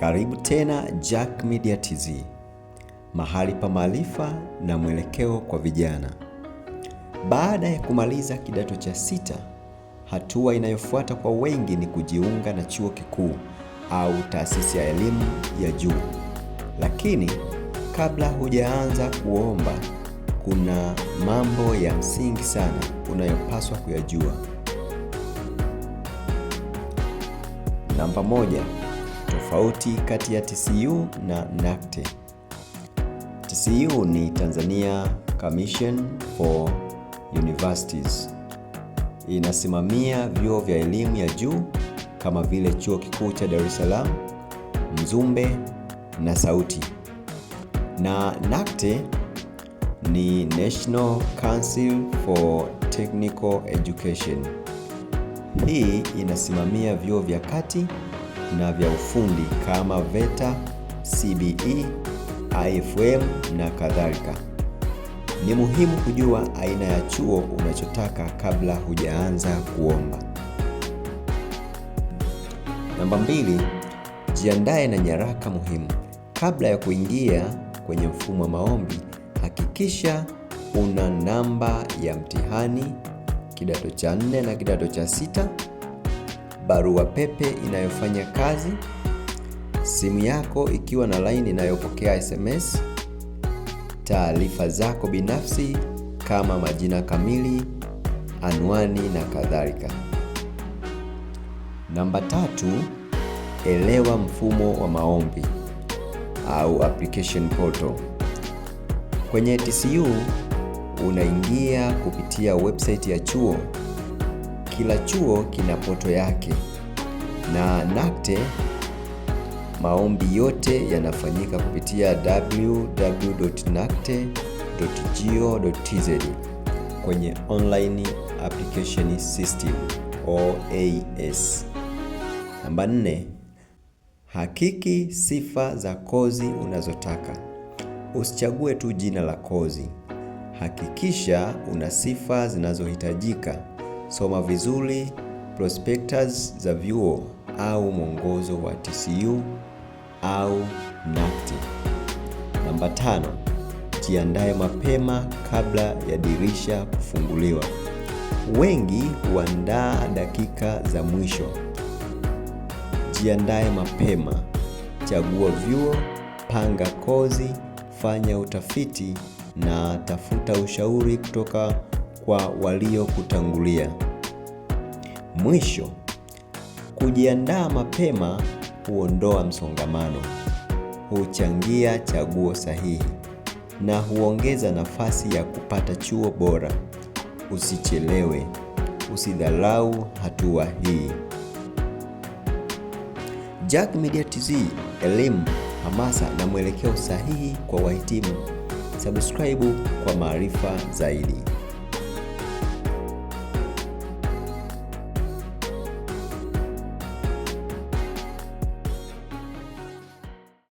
Karibu tena Jack Media TZ, mahali pa maarifa na mwelekeo kwa vijana. Baada ya kumaliza kidato cha sita, hatua inayofuata kwa wengi ni kujiunga na chuo kikuu au taasisi ya elimu ya juu, lakini kabla hujaanza kuomba, kuna mambo ya msingi sana unayopaswa kuyajua. Namba moja tofauti kati ya TCU na NACTE. TCU ni Tanzania Commission for Universities. Inasimamia vyuo vya elimu ya juu kama vile Chuo Kikuu cha Dar es Salaam, Mzumbe na Sauti. Na NACTE ni National Council for Technical Education. Hii inasimamia vyuo vya kati na vya ufundi kama VETA, CBE, IFM na kadhalika. Ni muhimu kujua aina ya chuo unachotaka kabla hujaanza kuomba. Namba mbili, jiandae na nyaraka muhimu. Kabla ya kuingia kwenye mfumo wa maombi, hakikisha una namba ya mtihani kidato cha nne na kidato cha sita barua pepe inayofanya kazi, simu yako ikiwa na laini inayopokea SMS, taarifa zako binafsi kama majina kamili, anwani na kadhalika. Namba tatu, elewa mfumo wa maombi au application portal. Kwenye TCU unaingia kupitia website ya chuo kila chuo kina poto yake, na NACTE maombi yote yanafanyika kupitia www.nacte.go.tz e kwenye online application system OAS. Namba nne, hakiki sifa za kozi unazotaka. Usichague tu jina la kozi, hakikisha una sifa zinazohitajika soma vizuri prospectus za vyuo au mwongozo wa TCU au NACTE. Namba tano, jiandae mapema kabla ya dirisha kufunguliwa. Wengi huandaa dakika za mwisho. Jiandae mapema, chagua vyuo, panga kozi, fanya utafiti na tafuta ushauri kutoka kwa waliokutangulia. Mwisho, kujiandaa mapema huondoa msongamano, huchangia chaguo sahihi na huongeza nafasi ya kupata chuo bora. Usichelewe, usidharau hatua hii. Jack Media TZ, elimu, hamasa na mwelekeo sahihi kwa wahitimu. Subscribe kwa maarifa zaidi.